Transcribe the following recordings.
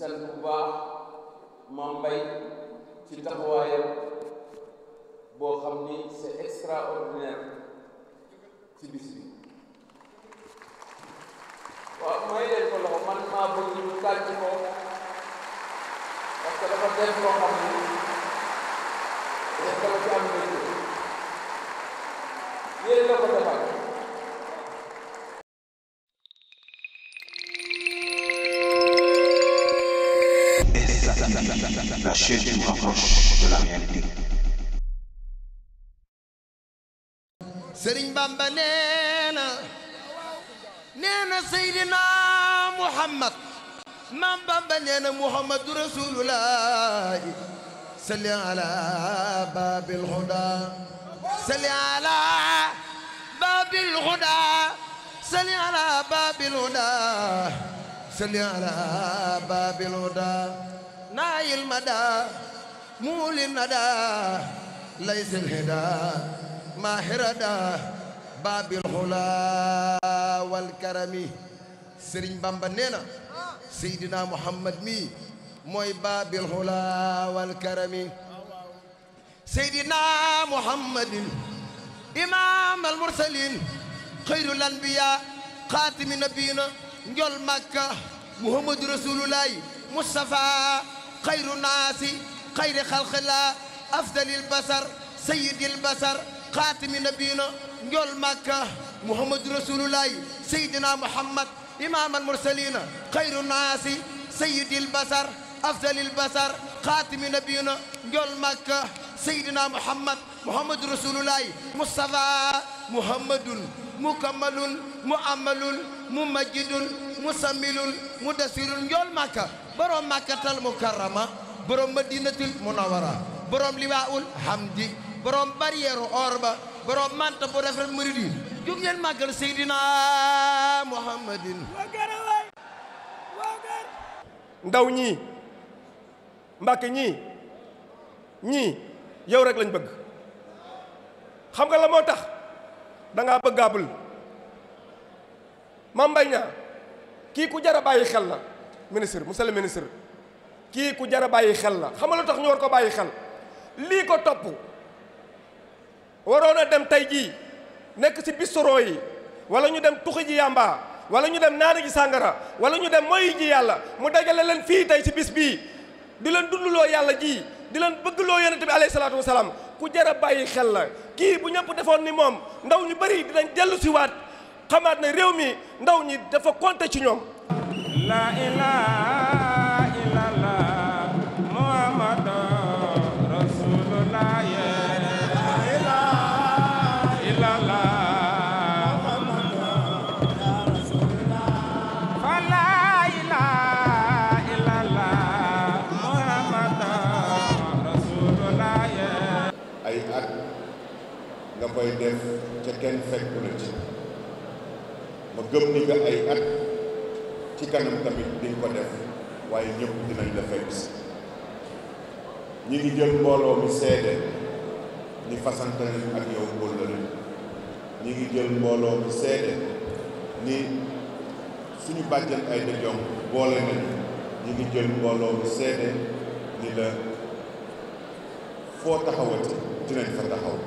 sant bu baax Mame Mbaye ci taxawaayam boo xam ni c'est extraordinaire ci bis bi waaw mooy leen ko loxo man maa bëgg ñu tàcc ko parce que dafa def loo xam ni def dama ci am na yéen la ko defal chez vous approche de la réalité. Serigne Bamba nee na nee na Seydina Muhammad maam Bamba nee na Muhammadu Rasulullah salli ala babil huda salli ala babil huda salli ala babil huda salli ala babil huda نايل المدى مول الندى ليس الهدى ماهردا باب الخلا والكرم سرين بامبا نينا سيدنا محمد مي موي باب الخلا والكرم سيدنا محمد إمام المرسلين خير الأنبياء خاتم نبينا نجول مكة محمد رسول الله مصطفى خير الناس خير خلق الله أفضل البصر سيد البصر خاتم نبينا نجول مكة محمد رسول الله سيدنا محمد إمام المرسلين خير الناس سيد البصر أفضل البصر خاتم نبينا نجول مكة سيدنا محمد محمد رسول الله مصطفى محمد مكمل مؤمل ممجد musammilul mudassirul njool makka borom makkatal mukarrama borom madinatul munawara borom liwaul hamdi borom barrière orba borom manta bu rafet muridi jóg leen màggal muhammadin ndaw ñi mbak ñi ñi yow rek lañ bëgg xam nga la motax da nga bëggaabul mam mbay ñaa ki ku jara a xel la ministre monsieur le ministre ki ku jara a xel la xam lu tax ñu war ko bàyyi xel li ko top warona dem tay ji nek ci bistro yi wala ñu dem tukhi ji yamba wala ñu dem nana ji sangara wala ñu dem moy ji yalla mu dajale len fi tay ci bis bi di leen dundloo yalla ji di bëgg lo yëne tabi alayhi salatu wassalam ku jara a xel la ki bu defoon ni mom ndaw ñu di delu ci waat xamaat ne réew mi ndaw ñi dafa compter ci ñoom la ilaha illallah muhammadu rasulullah la ay at nga koy def ca kenn fekku la ci ma gëm ni nga ay at ci kanam tamit diñ ko def waaye ñëpp dinañ la fekk si ñi ngi jël mbooloo mi seede ni fasante nañ ak yow kóllëre ñi ngi jël mbooloo mi seede ni suñu bàjjen ay da jong boole nañu ñi ngi jël mbooloo mi seede ni la foo taxawati dinañ fa taxaw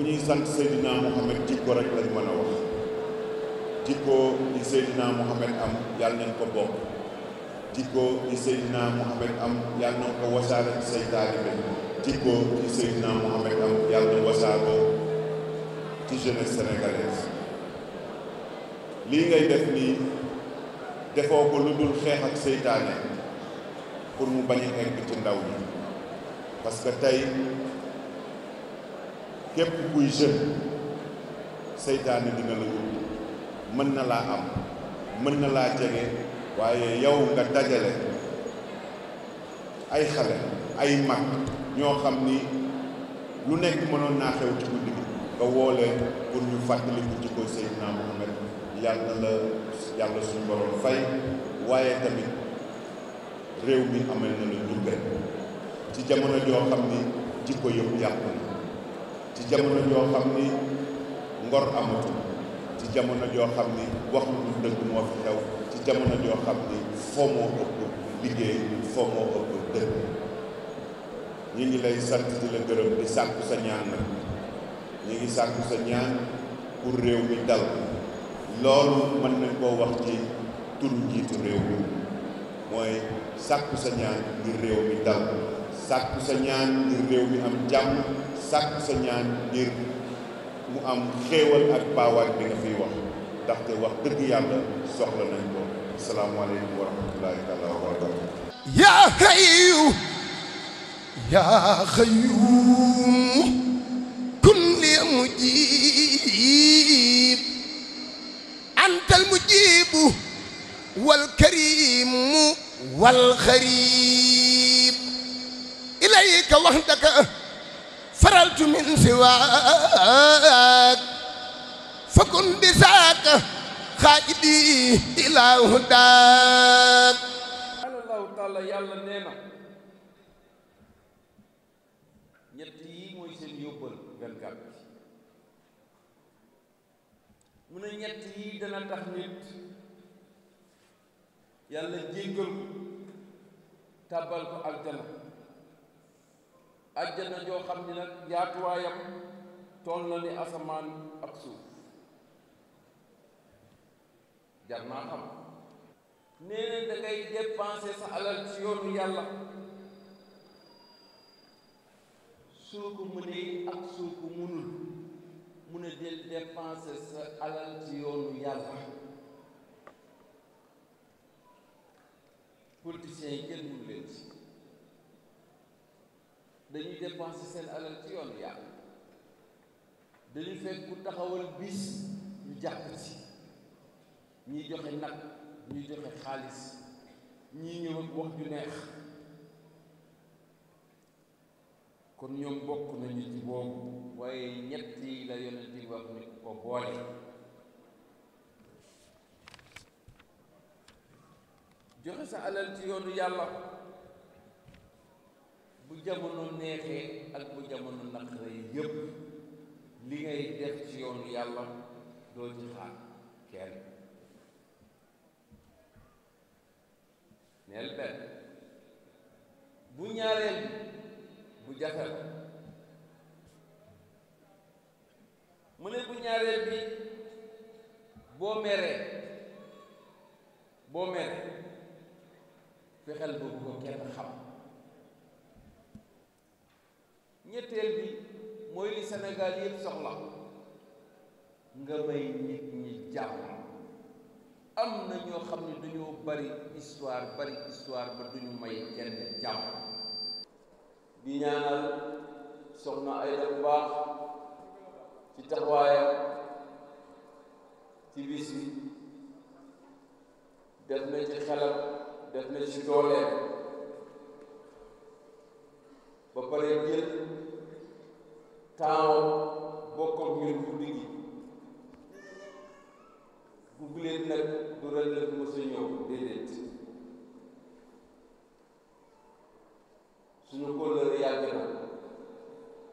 buñuy sant sayidina Mouhamed jikko rek lañ mëna wax jikko yi sayidina Mouhamed am yàlla nañ ko bokk jikko yi sayidina Mouhamed am yàlla nañ ko wasaare ci say taalibe jikko yi sayidina Mouhamed am yàlla nañ wasaago ci jeune sénégalaise li ngay def ni defoo ko lu dul xeex ak seytaane pour mu bañ a egg ci ndaw ñi parce que tey képp guy jeune seytaane dina la yóbbu mën na laa am mën na laa jege waaye yow nga dajale ay xale ay mag ñoo xam ni lu nekk mënoon naa xew ci guddi gi nga woole pour ñu fàttaliku ci koy Seydina Muhammad yàlla la yàlla suñu borom fay waaye tamit réew mi amal na la njurbe ci jamono joo xam ni jikko yëpp yàqu na ci jamono joo xam ni ngor amatul ci jamono joo xam ni wax lu dëgg moo fi xew ci jamono joo xam ni foo moo ëpp liggéey foo ëpp dëgg ñu ngi lay sant di la gërëm di sàkku sa ñaan nag ñu ngi sàkku sa ñaan pour réew mi dal loolu mën nañ koo wax ci turu njiitu réew mi mooy sàkku sa ñaan ngir réew mi dal sàkku sa ñaan ngir réew mi am jàmm sàkk sa ñaan ngir mu am xéewal ak baawaay bi nga fiy wax ndaxte wax dëgg yàlla soxla nañ ko asalaamaaleykum wa rahmatullahi taala wa barakatu yaa xayu yaa xayum kun li mujib antal mujibu wal karimu wal xarib ilayka waxdaka فررت من سواك فكن بساك خاجدي إلى هداك قال الله تعالى يلا نينا ñetti mooy seen yóbbal 24 mu ne ñett yi dana tax nit yàlla jéggal ko tàbbal ko aljana àjjana joo xam ni nag yaatuwaayam toll na ni asamaan ak suuf jar naa xam nee na da ngay dépenser sa alal ci yoonu yàlla soo ko mënee ak soo ko mënul mun a del dépenser sa alal ci yoonu yàlla politiciens yi kenn dépensé seen alal ci yoon yàlla dañu fekk ku taxawal bis ñu jàpp ci ñiy joxe nag ñuy joxe xaalis ñii ñëw wax ju neex kon ñoom bokk nañu ci boobu waaye ñett la yonent yi wax ni ko boole joxe sa alal ci yoonu yàlla jamono neexee ak bu jamono naqaree yépp li ngay def ci yoonu yàlla doo ci xaar kenn neel benn bu ñaareel bu jafe la mu ne bu ñaareel bi boo meree boo meree fexeel boobu ko kenn xam ñetteel bi mooy li Sénégal yëpp soxla nga may nit ñi jàmm am na ñoo xam ne dañoo bari histoire bari histoire ba duñu may kenn jàmm di ñaanal soxna Aïda bu baax ci taxawaayam ci bis bi def na ci xelam def na ci dooleem ba pare jël temps bokkoon ñun guddi gi guddi leen nag du ren la mos a ñëw déedéet suñu kóllëre yàgg na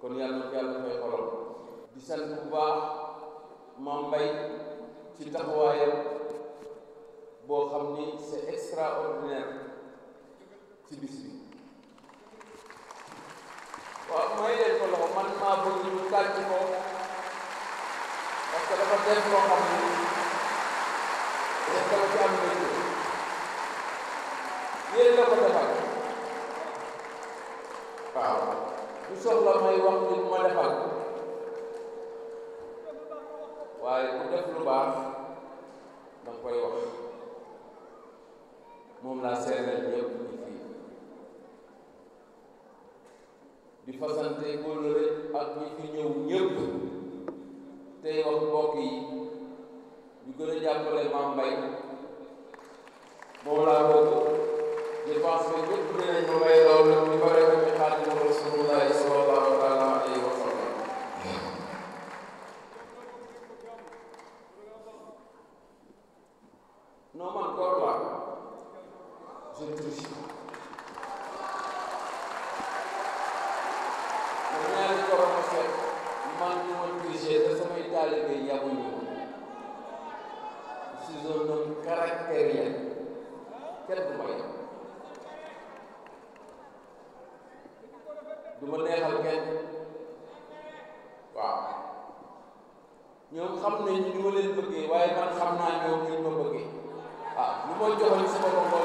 kon yàlla na ko yàlla fay xolam di sant bu baax Mame Mbaye ci taxawaayam boo xam ni c'est extraordinaire ci bis waaw mooy leen ko loxo man maa bëgg ñu gàcc ko parce que dafa def loo xam ne def dama ci am mbir yéen la ko defal waaw bu soxla may wax ni ma defal waaye ku def lu baax da nga koy wax moom laa seeral yëpp di fa sante kóllëre ak ñi fi ñëw ñëpp tey wax mbokk yi ñu gën a jàppale Mame moom laa bokk je pense que ñëpp dinañ ma may ko joxoon sama bopp